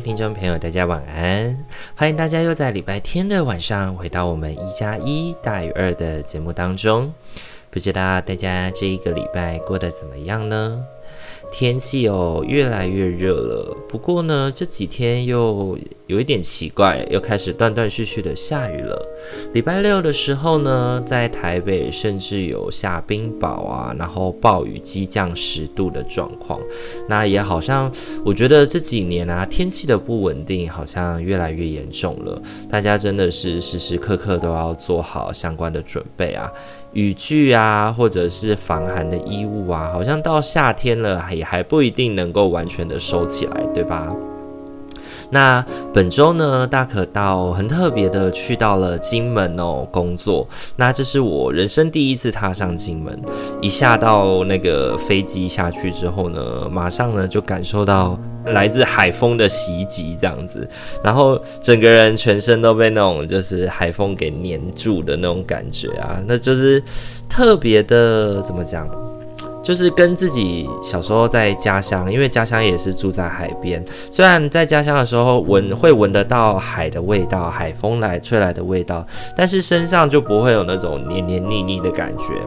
聽眾朋友，大家晚安！歡迎大家又在禮拜天的晚上回到我們一加一大於二的節目當中。不知道大家這一個禮拜過得怎麼樣呢？天氣哦越來越熱了，不過呢這幾天又……有一點奇怪，又開始斷斷續續的下雨了。禮拜六的時候呢，在台北甚至有下冰雹啊，然後暴雨急降十度的狀況。那也好像，我覺得這幾年啊，天氣的不穩定好像越來越嚴重了。大家真的是時時刻刻都要做好相關的準備啊，雨具啊，或者是防寒的衣物啊，好像到夏天了也還不一定能夠完全的收起來，對吧？那本周呢，大可到很特別的去到了金門哦工作。那這是我人生第一次踏上金門，一下到那個飛機下去之後呢，馬上呢就感受到來自海風的襲擊，這樣子，然後整個人全身都被那種就是海風給黏住的那種感覺啊，那就是特別的怎麼講？就是跟自己小時候在家鄉，因為家鄉也是住在海邊，雖然在家鄉的時候聞會聞得到海的味道、海風來吹來的味道，但是身上就不會有那種黏黏膩膩的感覺。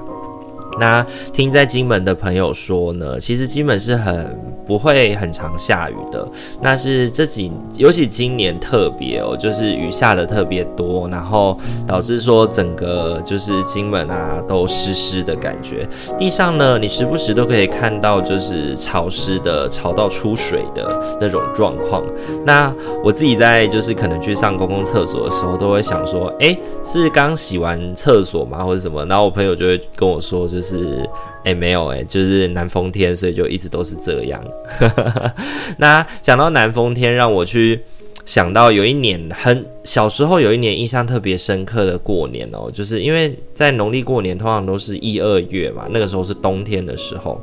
那聽在金門的朋友說呢，其實金門是很不會很常下雨的，那是這幾尤其今年特別哦，就是雨下得特別多，然後導致說整個就是金門啊都濕濕的感覺，地上呢，你時不時都可以看到就是潮濕的潮到出水的那種狀況。那我自己在就是可能去上公共廁所的時候，都會想說，哎，是剛洗完廁所嗎，或者什麼？然後我朋友就會跟我說，就是。是，哎，沒有，哎，就是南風天，所以就一直都是這樣。 那講到南風天，讓我去想到有一年很小時候，有一年印象特別深刻的過年哦，就是因為在農曆過年通常都是一二月嘛，那個時候是冬天的時候，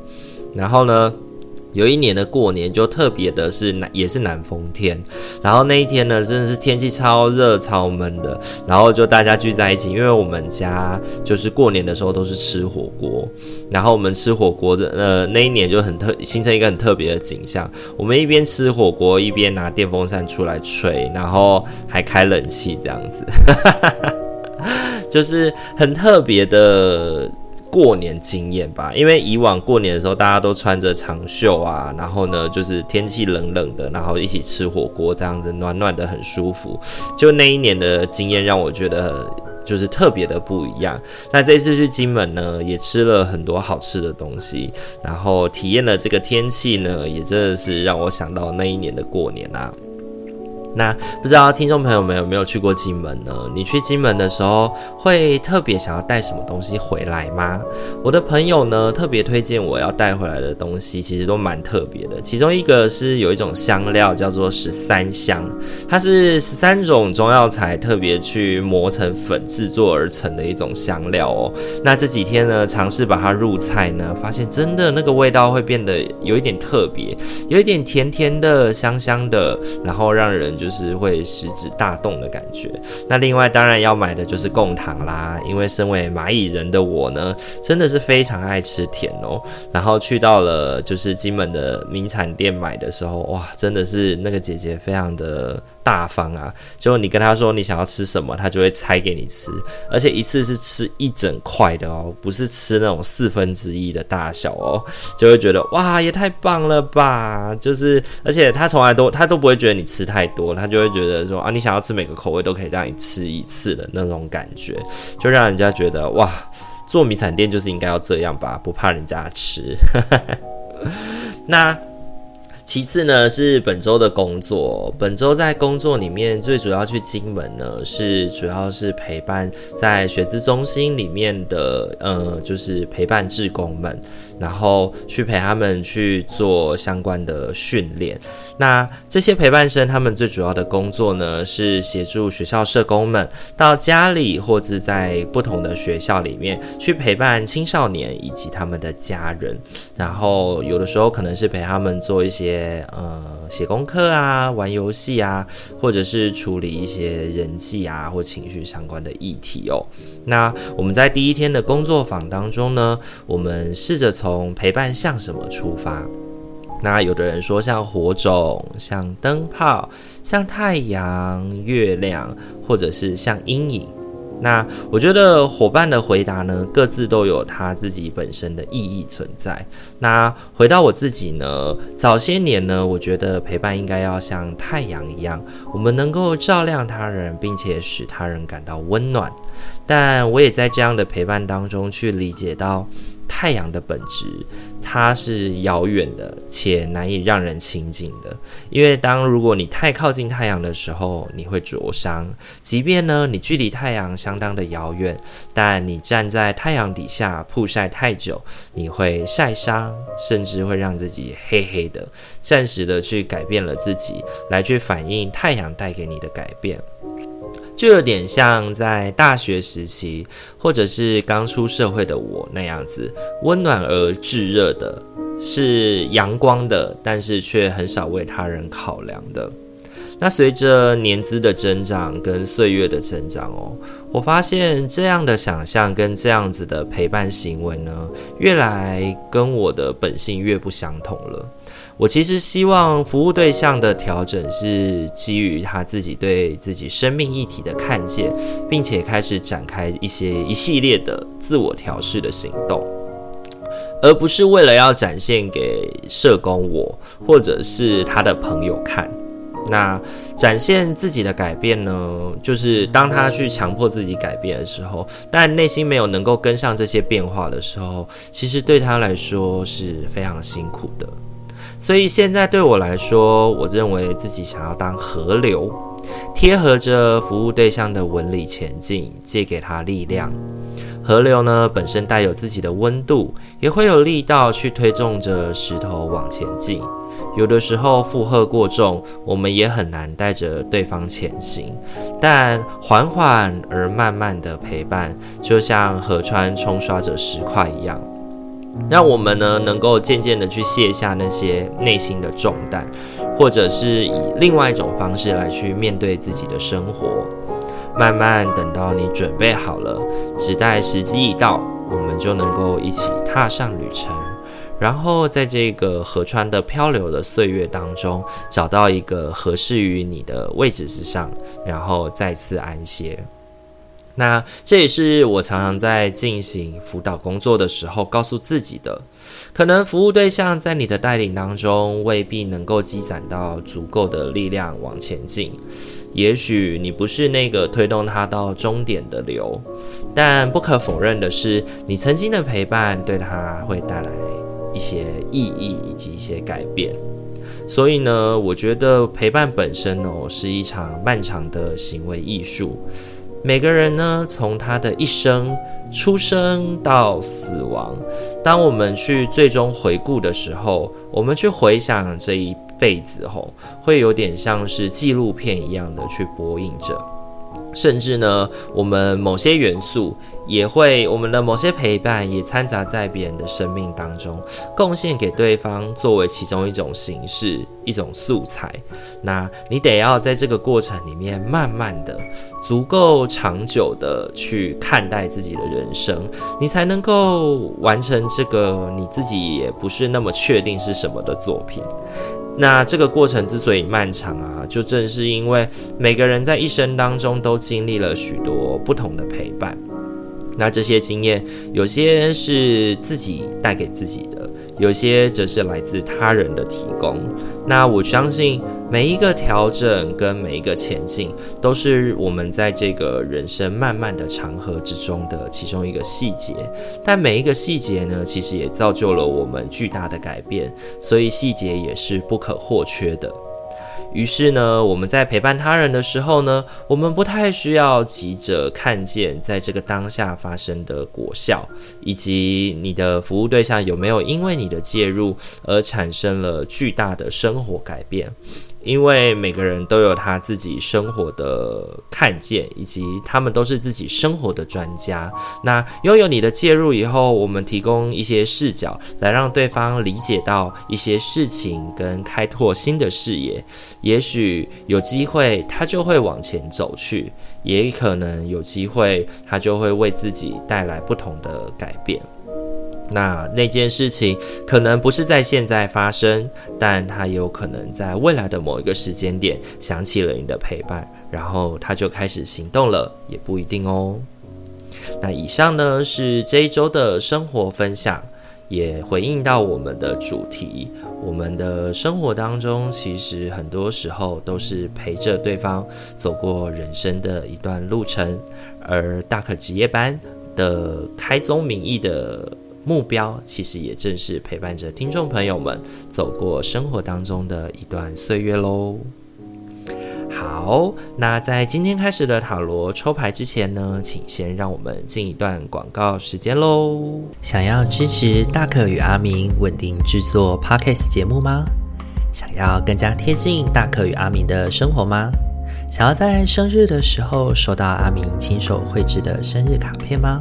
然後呢。有一年的過年就特別的是南，也是南風天，然後那一天呢，真的是天氣超熱超悶的，然後就大家聚在一起，因為我們家就是過年的時候都是吃火鍋，然後我們吃火鍋的呃，那一年就很特，形成一個很特別的景象，我們一邊吃火鍋一邊拿電風扇出來吹，然後還開冷氣這樣子， 就是很特別的。過年經驗吧，因為以往過年的時候，大家都穿着長袖啊，然後呢，就是天氣冷冷的，然後一起吃火鍋這樣子，暖暖的很舒服。就那一年的經驗讓我覺得很，就是特別的不一樣。那這次去金門呢，也吃了很多好吃的東西，然後體驗了這個天氣呢，也真的是讓我想到那一年的過年啊。那不知道聽眾朋友們有沒有去過金門呢？你去金門的時候會特別想要帶什麼東西回來嗎？我的朋友呢，特別推薦我要帶回來的東西，其實都蠻特別的。其中一個是有一種香料叫做十三香，它是十三種中藥材特別去磨成粉製作而成的一種香料哦、喔。那這幾天呢，嘗試把它入菜呢，發現真的那個味道會變得有一點特別，有一點甜甜的、香香的，然後讓人就。就是會食指大動的感覺。那另外當然要買的就是貢糖啦，因為身為螞蟻人的我呢，真的是非常愛吃甜哦、喔。然後去到了就是金門的名產店買的時候，哇，真的是那個姐姐非常的。大方啊！就你跟他說你想要吃什麼，他就會拆給你吃，而且一次是吃一整塊的哦，不是吃那種四分之一的大小哦，就會覺得哇也太棒了吧！就是，而且他從來都他都不會覺得你吃太多，他就會覺得說啊你想要吃每個口味都可以讓你吃一次的那種感覺，就讓人家覺得哇，做名產店就是應該要這樣吧，不怕人家吃。 那。其次呢，是本週的工作。本週在工作裡面最主要去經文呢，是主要是陪伴在學資中心裡面的，呃，就是陪伴志工們。然後去陪他們去做相關的訓練。那這些陪伴生，他們最主要的工作呢，是協助學校社工們到家裡或是在不同的學校裡面去陪伴青少年以及他們的家人。然後有的時候可能是陪他們做一些呃。寫功課啊，玩遊戲啊，或者是處理一些人際啊或情緒相關的議題哦。那我們在第一天的工作坊當中呢，我們試着從陪伴像什麼出發。那有的人說像火種，像燈泡，像太陽、月亮，或者是像陰影。那我覺得夥伴的回答呢，各自都有他自己本身的意義存在。那回到我自己呢，早些年呢，我覺得陪伴應該要像太陽一樣，我們能夠照亮他人，並且使他人感到溫暖。但我也在這樣的陪伴當中去理解到太陽的本質，它是遙遠的且難以讓人親近的。因為當如果你太靠近太陽的時候，你會灼傷；即便呢你距離太陽相當的遙遠，但你站在太陽底下曝曬太久，你會曬傷，甚至會讓自己黑黑的，暫時的去改變了自己，來去反映太陽帶給你的改變。就有點像在大學時期，或者是剛出社會的我那樣子，溫暖而炙熱的，是陽光的，但是卻很少為他人考量的。那隨着年資的增長跟歲月的增長哦，我發現這樣的想像跟這樣子的陪伴行為呢，越來跟我的本性越不相同了。我其實希望服務對象的調整是基於他自己對自己生命議題的看見，並且開始展開一些一系列的自我調試的行動，而不是為了要展現給社工我或者是他的朋友看。那展現自己的改變呢，就是當他去強迫自己改變的時候，但內心沒有能夠跟上這些變化的時候，其實對他來說是非常辛苦的。所以現在對我來說，我認為自己想要當河流，貼合着服務對象的紋理前進，借給他力量。河流呢，本身帶有自己的溫度，也會有力道去推動着石頭往前進。有的時候負荷過重，我們也很難帶着對方前行。但緩緩而慢慢的陪伴，就像河川沖刷着石塊一樣。讓我們呢，能夠漸漸地去卸下那些內心的重擔，或者是以另外一種方式來去面對自己的生活。慢慢等到你準備好了，只待時機一到，我們就能夠一起踏上旅程。然後在這個河川的漂流的歲月當中，找到一個合適於你的位置之上，然後再次安歇。那這也是我常常在進行輔導工作的時候告訴自己的，可能服務對象在你的帶領當中未必能夠積攢到足夠的力量往前進，也許你不是那個推動他到終點的流，但不可否認的是，你曾經的陪伴對他會帶來一些意義以及一些改變。所以呢，我覺得陪伴本身哦，是一場漫長的行為藝術。每個人呢，從他的一生出生到死亡，當我們去最終回顧的時候，我們去回想這一輩子，吼，會有點像是紀錄片一樣的去播映着。甚至呢，我們某些元素也會，我們的某些陪伴也摻雜在別人的生命當中，貢獻給對方作為其中一種形式、一種素材。那你得要在這個過程裡面，慢慢的、足夠長久的去看待自己的人生，你才能夠完成這個你自己也不是那麼確定是什麼的作品。那這個過程之所以漫長啊，就正是因為每個人在一生當中都經歷了許多不同的陪伴，那這些經驗有些是自己帶給自己的。有些則是來自他人的提供。那我相信每一個調整跟每一個前進，都是我們在這個人生漫漫的長河之中的其中一個細節。但每一個細節呢，其實也造就了我們巨大的改變。所以細節也是不可或缺的。於是呢，我們在陪伴他人的時候呢，我們不太需要急着看見在這個當下發生的果效，以及你的服務對象有沒有因為你的介入而產生了巨大的生活改變。因為每個人都有他自己生活的看見，以及他們都是自己生活的專家。那擁有你的介入以後，我們提供一些視角來讓對方理解到一些事情，跟開拓新的視野。也許有機會，他就會往前走去；也可能有機會，他就會為自己帶來不同的改變。那那件事情可能不是在現在發生，但他有可能在未來的某一個時間點想起了你的陪伴，然後他就開始行動了，也不一定哦。那以上呢是這一周的生活分享，也回應到我們的主題。我們的生活當中，其實很多時候都是陪着對方走過人生的一段路程，而大可值夜班的開宗明義的。目標其實也正是陪伴着聽眾朋友們走過生活當中的一段歲月嘍。好，那在今天開始的塔羅抽牌之前呢，請先讓我們進一段廣告時間嘍。想要支持大可與阿明穩定制作 Podcast 節目嗎？想要更加貼近大可與阿明的生活嗎？想要在生日的時候收到阿明親手繪制的生日卡片嗎？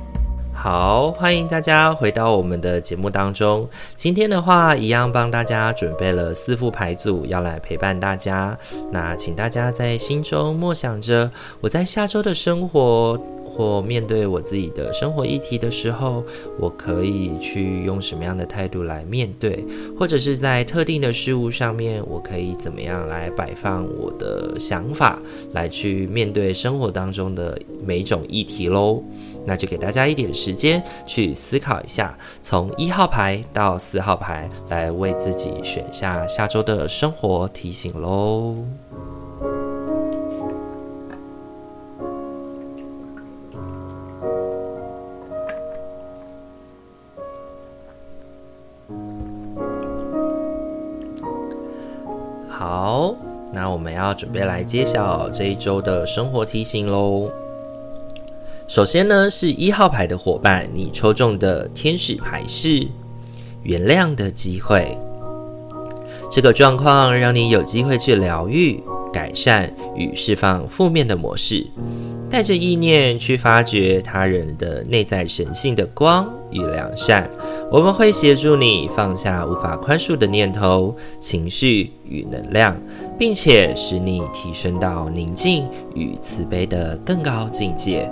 好，歡迎大家回到我們的節目當中。今天的話，一樣幫大家準備了四副牌組，要來陪伴大家。那請大家在心中默想着，我在下週的生活。或面對我自己的生活議題的時候，我可以去用什麼樣的態度來面對？或者是在特定的事物上面，我可以怎麼樣來擺放我的想法，來去面對生活當中的每種議題嘍。那就給大家一點時間去思考一下，從一號牌到四號牌，來為自己選下下周的生活提醒嘍。準備來揭曉這一周的生活提醒嘍。首先呢，是一號牌的夥伴，你抽中的天使牌是原諒的機會。這個狀況讓你有機會去療癒。改善與釋放負面的模式，帶着意念去發掘他人的內在神性的光與良善。我們會協助你放下無法寬恕的念頭、情緒與能量，並且使你提升到寧靜與慈悲的更高境界。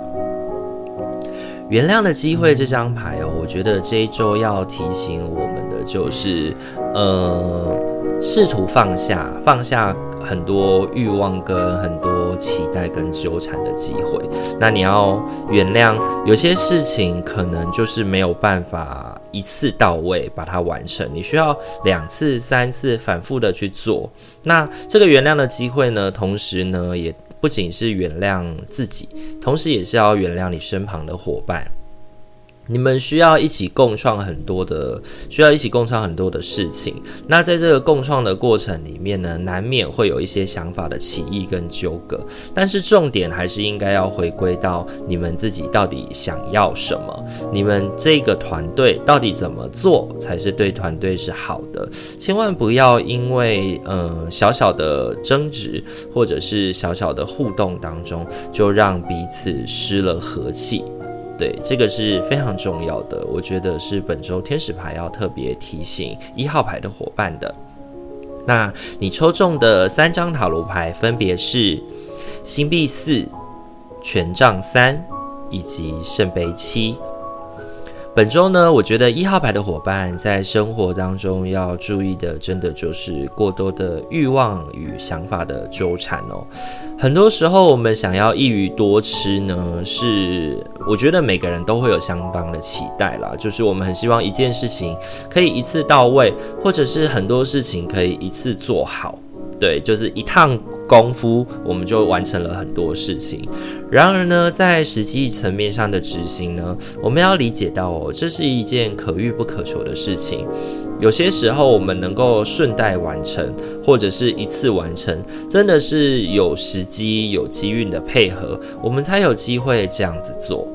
原諒的機會這張牌哦，我覺得這一週要提醒我們的就是，呃，試圖放下，放下。很多欲望跟很多期待跟糾纏的機會，那你要原諒，有些事情可能就是沒有辦法一次到位把它完成，你需要兩次、三次反覆的去做。那這個原諒的機會呢，同時呢，也不僅是原諒自己，同時也是要原諒你身旁的伙伴。你們需要一起共創很多的，需要一起共創很多的事情。那在這個共創的過程裡面呢，難免會有一些想法的歧義跟糾葛。但是重點還是應該要回歸到你們自己到底想要什麼，你們這個團隊到底怎麼做才是對團隊是好的。千萬不要因為嗯、呃、小小的爭執，或者是小小的互動當中，就讓彼此失了和氣。對，這個是非常重要的，我覺得是本周天使牌要特別提醒一號牌的夥伴的。那你抽中的三張塔羅牌分別是星幣四、權杖三以及聖杯七。本周呢，我覺得一號牌的夥伴在生活當中要注意的，真的就是過多的慾望與想法的糾纏哦。很多時候，我們想要一魚多吃呢，是。我覺得每個人都會有相當的期待啦，就是我們很希望一件事情可以一次到位，或者是很多事情可以一次做好，對，就是一趟功夫，我們就完成了很多事情。然而呢，在實際層面上的執行呢，我們要理解到哦，這是一件可遇不可求的事情。有些時候，我們能夠順帶完成，或者是一次完成，真的是有時機、有機運的配合，我們才有機會這樣子做。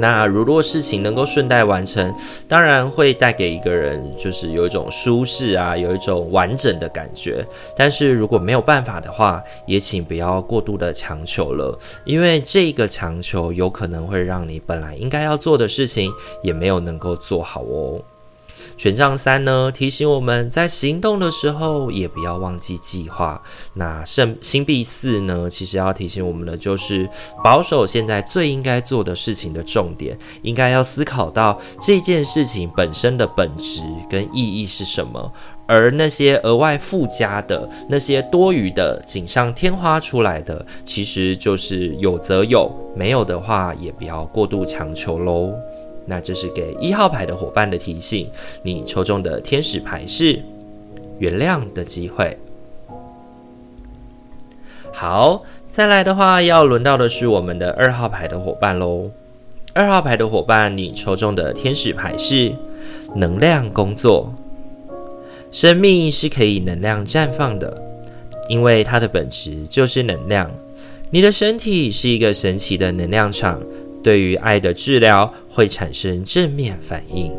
那如果事情能夠順帶完成，當然會帶給一個人就是有一種舒適啊，有一種完整的感覺。但是如果沒有辦法的話，也請不要過度的強求了，因為這個強求有可能會讓你本來應該要做的事情也沒有能夠做好哦。權杖三呢，提醒我們在行動的時候也不要忘記計劃。那聖星幣四呢，其實要提醒我們的就是，保守現在最應該做的事情的重點，應該要思考到這件事情本身的本質跟意義是什麼。而那些額外附加的、那些多餘的、錦上添花出來的，其實就是有則有，沒有的話也不要過度強求嘍。那這是給一號牌的伙伴的提醒，你抽中的天使牌是原諒的機會。好，再來的話要輪到的是我們的二號牌的伙伴嘍。二號牌的伙伴，你抽中的天使牌是能量工作。生命是可以能量綻放的，因為它的本質就是能量。你的身體是一個神奇的能量場。對於愛的治療會產生正面反應。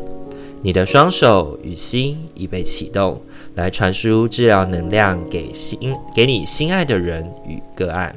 你的雙手與心已被啟動，來傳輸治療能量給心，給你心愛的人與個案。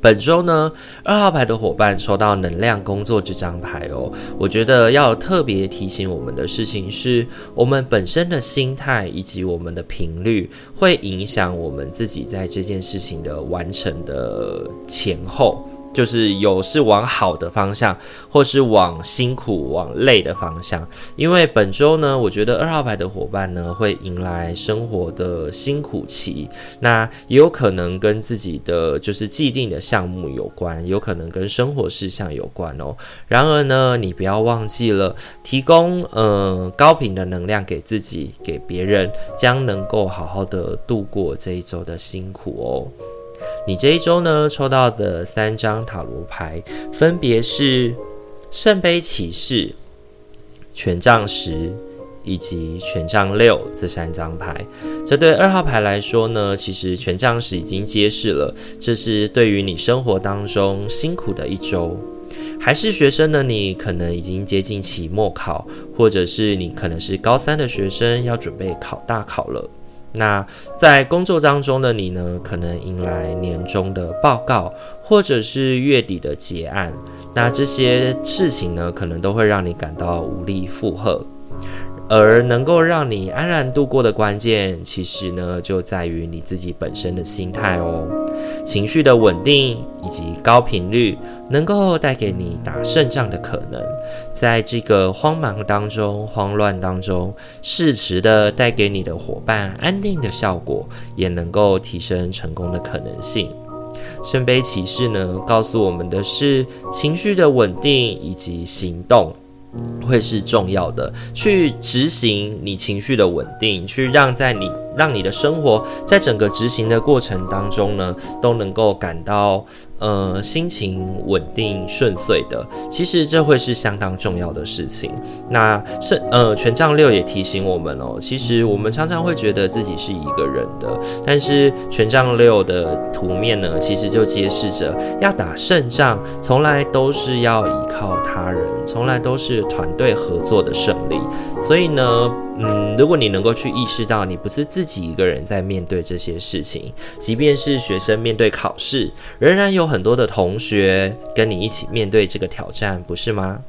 本週呢，二號牌的夥伴收到能量工作這張牌哦。我覺得要特別提醒我們的事情是，我們本身的心態以及我們的頻率，會影響我們自己在這件事情的完成的前後。就是有是往好的方向，或是往辛苦、往累的方向。因為本周呢，我覺得二號牌的夥伴呢會迎來生活的辛苦期，那也有可能跟自己的就是既定的項目有關，有可能跟生活事項有關哦。然而呢，你不要忘記了提供嗯、呃、高頻的能量給自己、給別人，將能夠好好的度過這一周的辛苦哦。你這一週呢，抽到的三張塔羅牌分別是聖杯騎士、權杖十以及權杖六這三張牌。這對二號牌來說呢，其實權杖十已經揭示了，這是對於你生活當中辛苦的一週。還是學生的你，可能已經接近期末考，或者是你可能是高三的學生，要準備考大考了。那在工作當中的你呢，可能迎來年終的報告，或者是月底的結案。那這些事情呢，可能都會讓你感到無力負荷，而能夠讓你安然度過的關鍵，其實呢，就在於你自己本身的心態哦。情緒的穩定以及高頻率，能夠帶給你打勝仗的可能。在這個慌忙當中、慌亂當中，適時地帶給你的夥伴安定的效果，也能夠提升成功的可能性。聖杯騎士呢，告訴我們的是，情緒的穩定以及行動會是重要的，去執行你情緒的穩定，去讓在你。讓你的生活在整個執行的過程當中呢，都能夠感到呃，心情穩定順遂的。其實這會是相當重要的事情。那勝呃，權杖六也提醒我們哦，其實我們常常會覺得自己是一個人的，但是權杖六的圖面呢，其實就揭示着要打勝仗，從來都是要依靠他人，從來都是團隊合作的勝利。所以呢，嗯，如果你能夠去意識到你不是自己自己一個人在面對這些事情，即便是學生面對考試，仍然有很多的同學跟你一起面對這個挑戰，不是嗎？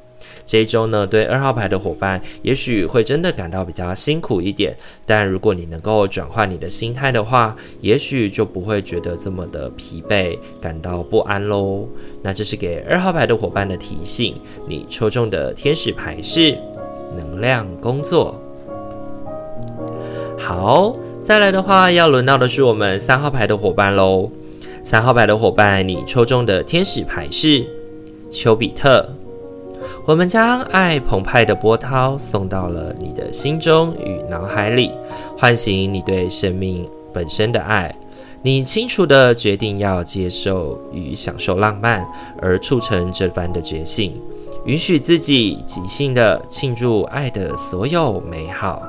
這一周呢，對二號牌的夥伴，也許會真的感到比較辛苦一點，但如果你能夠轉換你的心態的話，也許就不會覺得這麼的疲憊，感到不安嘍。那這是給二號牌的夥伴的提醒，你抽中的天使牌是能量工作。好，再來的話，要輪到的是我們三號牌的伙伴嘍。三號牌的伙伴，你抽中的天使牌是丘比特。我們將愛澎湃的波濤送到了你的心中與腦海裡，喚醒你對生命本身的愛。你清楚的決定要接受與享受浪漫，而促成這般的覺醒，允許自己即興的慶祝愛的所有美好。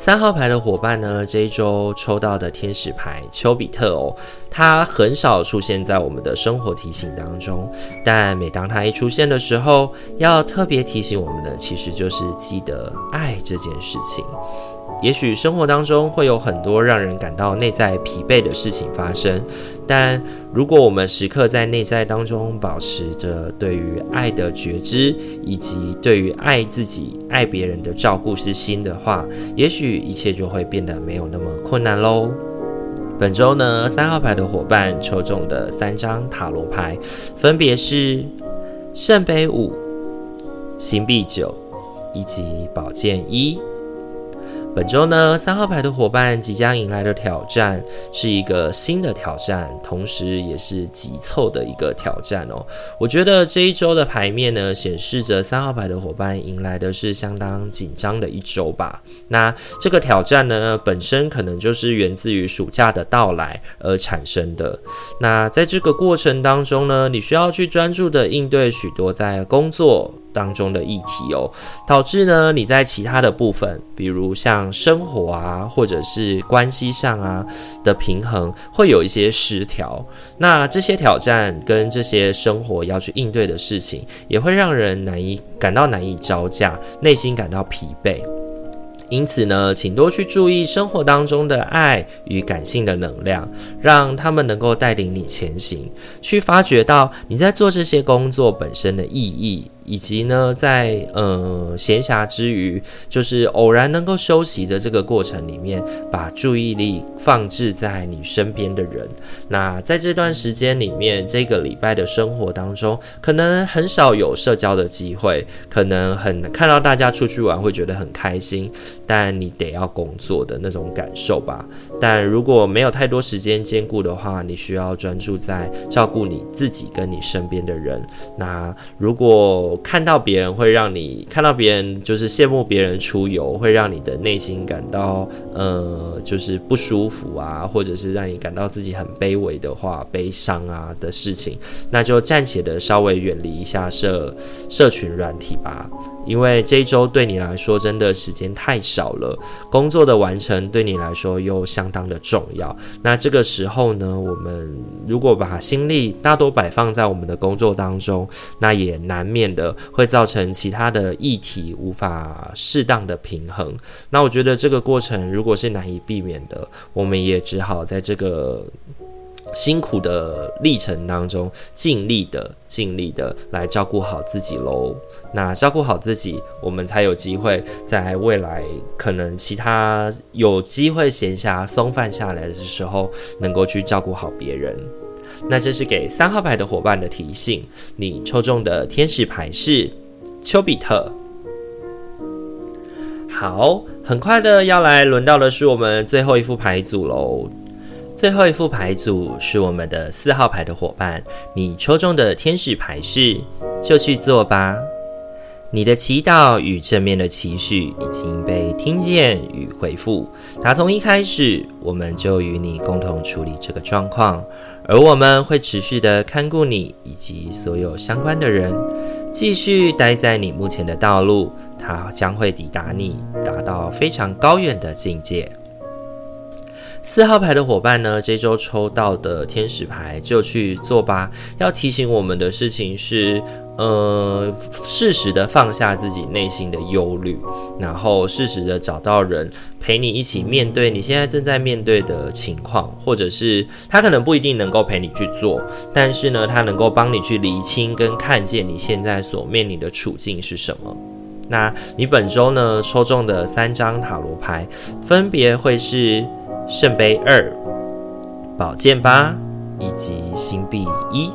三號牌的夥伴呢？這一周抽到的天使牌，丘比特哦。它很少出現在我們的生活提醒當中，但每當它一出現的時候，要特別提醒我們的，其實就是記得愛這件事情。也許生活當中會有很多讓人感到內在疲憊的事情發生，但如果我們時刻在內在當中保持着對於愛的覺知，以及對於愛自己、愛別人的照顧之心的話，也許一切就會變得沒有那麼困難嘍。本週呢，三號牌的夥伴抽中的三張塔羅牌分別是聖杯五、星幣九以及寶劍一。本周呢，三號牌的夥伴即將迎來的挑戰是一個新的挑戰，同時也是急湊的一個挑戰哦。我覺得這一周的牌面呢，顯示着三號牌的夥伴迎來的是相當緊張的一周吧。那這個挑戰呢，本身可能就是源自於暑假的到來而產生的。那在這個過程當中呢，你需要去專注地應對許多在工作。當中的議題哦，導致呢，你在其他的部分，比如像生活啊，或者是關係上啊的平衡，會有一些失調。那這些挑戰跟這些生活要去應對的事情，也會讓人難以感到難以招架，內心感到疲憊。因此呢，請多去注意生活當中的愛與感性的能量，讓他們能夠帶領你前行，去發掘到你在做這些工作本身的意義。以及呢，在嗯，閒暇之餘，就是偶然能夠休息的這個過程裡面，把注意力放置在你身邊的人。那在這段時間裡面，這個禮拜的生活當中，可能很少有社交的機會，可能很，看到大家出去玩會覺得很開心，但你得要工作的那種感受吧。但如果沒有太多時間兼顧的話，你需要專注在照顧你自己跟你身邊的人。那如果看到別人會讓你看到別人，就是羨慕別人出遊，會讓你的內心感到呃，就是不舒服啊，或者是讓你感到自己很卑微的話、悲傷啊的事情，那就暫且的稍微遠離一下社社群軟體吧。因為這一周對你來說真的時間太少了，工作的完成對你來說又相當的重要。那這個時候呢，我們如果把心力大多擺放在我們的工作當中，那也難免的會造成其他的議題無法適當的平衡。那我覺得這個過程如果是難以避免的，我們也只好在這個。辛苦的歷程當中，盡力的、盡力的來照顧好自己嘍。那照顧好自己，我們才有機會在未來可能其他有機會閒暇鬆散下來的時候，能夠去照顧好別人。那這是給三號牌的夥伴的提醒，你抽中的天使牌是丘比特。好，很快的要來輪到的是我們最後一副牌組嘍。最後一副牌組是我們的四號牌的夥伴，你抽中的天使牌是，就去做吧。你的祈禱與正面的情緒已經被聽見與回復。打從一開始，我們就與你共同處理這個狀況，而我們會持續的看顧你以及所有相關的人，繼續待在你目前的道路，它將會抵達你，達到非常高遠的境界。四號牌的夥伴呢，這週抽到的天使牌，就去做吧。要提醒我們的事情是，呃，適時的放下自己內心的憂慮，然後適時的找到人陪你一起面對你現在正在面對的情況，或者是他可能不一定能夠陪你去做，但是呢，他能夠幫你去釐清跟看見你現在所面臨的處境是什麼？那你本週呢，抽中的三張塔羅牌，分別會是。聖杯二、寶劍八以及星幣一。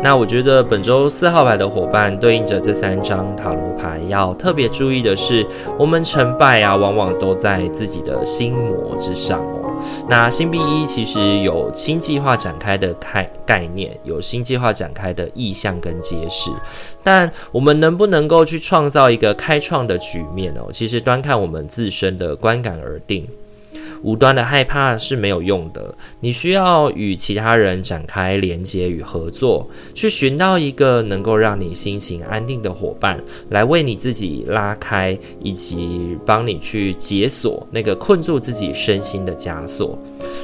那我覺得本周四號牌的夥伴對應着這三張塔羅牌，要特別注意的是，我們成敗啊，往往都在自己的心魔之上哦。那星幣一其實有新計劃展開的概概念，有新計劃展開的意象跟揭示。但我們能不能夠去創造一個開創的局面哦？其實端看我們自身的觀感而定。無端的害怕是沒有用的，你需要與其他人展開連結與合作，去尋到一個能夠讓你心情安定的夥伴，來為你自己拉開，以及幫你去解鎖那個困住自己身心的枷鎖。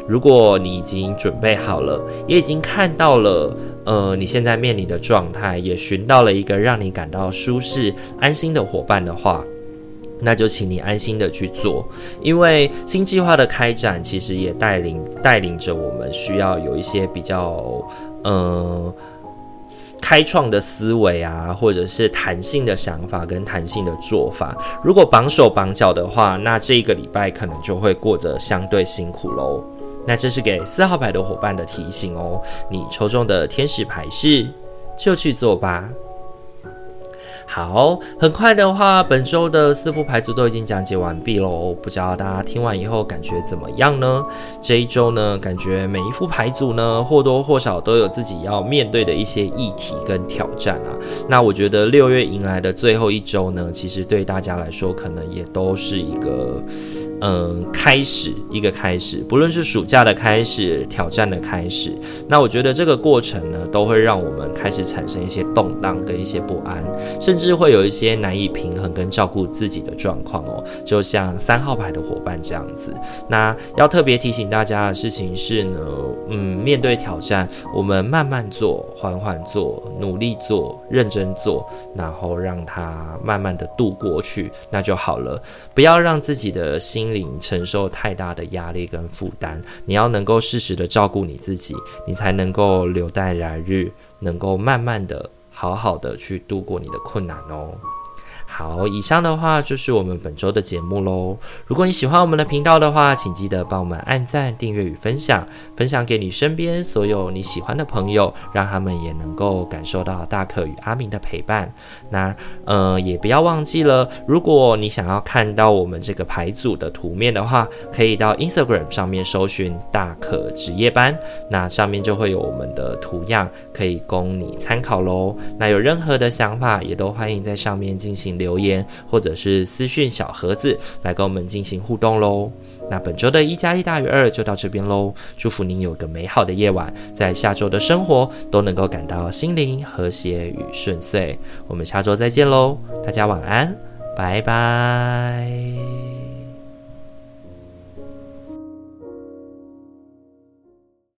如果你已經準備好了，也已經看到了，呃，你現在面臨的狀態，也尋到了一個讓你感到舒適、安心的夥伴的話。那就請你安心的去做，因為新計劃的開展其實也帶領帶領着我們需要有一些比較，呃，開創的思維啊，或者是彈性的想法跟彈性的做法。如果綁手綁腳的話，那這一個禮拜可能就會過得相對辛苦嘍。那這是給四號牌的夥伴的提醒哦，你抽中的天使牌是，就去做吧。好，很快的話，本週的四副牌組都已經講解完畢嘍。不知道大家聽完以後感覺怎麼樣呢？這一周呢，感覺每一副牌組呢，或多或少都有自己要面對的一些議題跟挑戰啊。那我覺得六月迎來的最後一周呢，其實對於大家來說，可能也都是一個。嗯，開始一個開始，不論是暑假的開始，挑戰的開始，那我覺得這個過程呢，都會讓我們開始產生一些動盪跟一些不安，甚至會有一些難以平衡跟照顧自己的狀況哦。就像三號牌的夥伴這樣子，那要特別提醒大家的事情是呢，嗯，面對挑戰，我們慢慢做，緩緩做，努力做，認真做，然後讓它慢慢的度過去，那就好了，不要讓自己的心。承受太大的壓力跟負擔，你要能夠適時的照顧你自己，你才能夠留待來日，能夠慢慢的、好好的去度過你的困難哦。好，以上的話就是我們本周的節目嘍。如果你喜歡我們的頻道的話，請記得幫我們按贊、訂閱與分享，分享給你身邊所有你喜歡的朋友，讓他們也能夠感受到大可與阿明的陪伴。那，呃，也不要忘記了，如果你想要看到我們這個牌組的圖面的話，可以到 Instagram 上面搜尋“大可值夜班”，那上面就會有我們的圖樣可以供你參考嘍。那有任何的想法，也都歡迎在上面進行留言。留言或者是私訊小盒子來跟我們進行互動嘍。那本周的一加一大於二就到這邊嘍。祝福您有個美好的夜晚，在下周的生活都能夠感到心靈和諧與順遂。我們下周再見嘍，大家晚安，拜拜。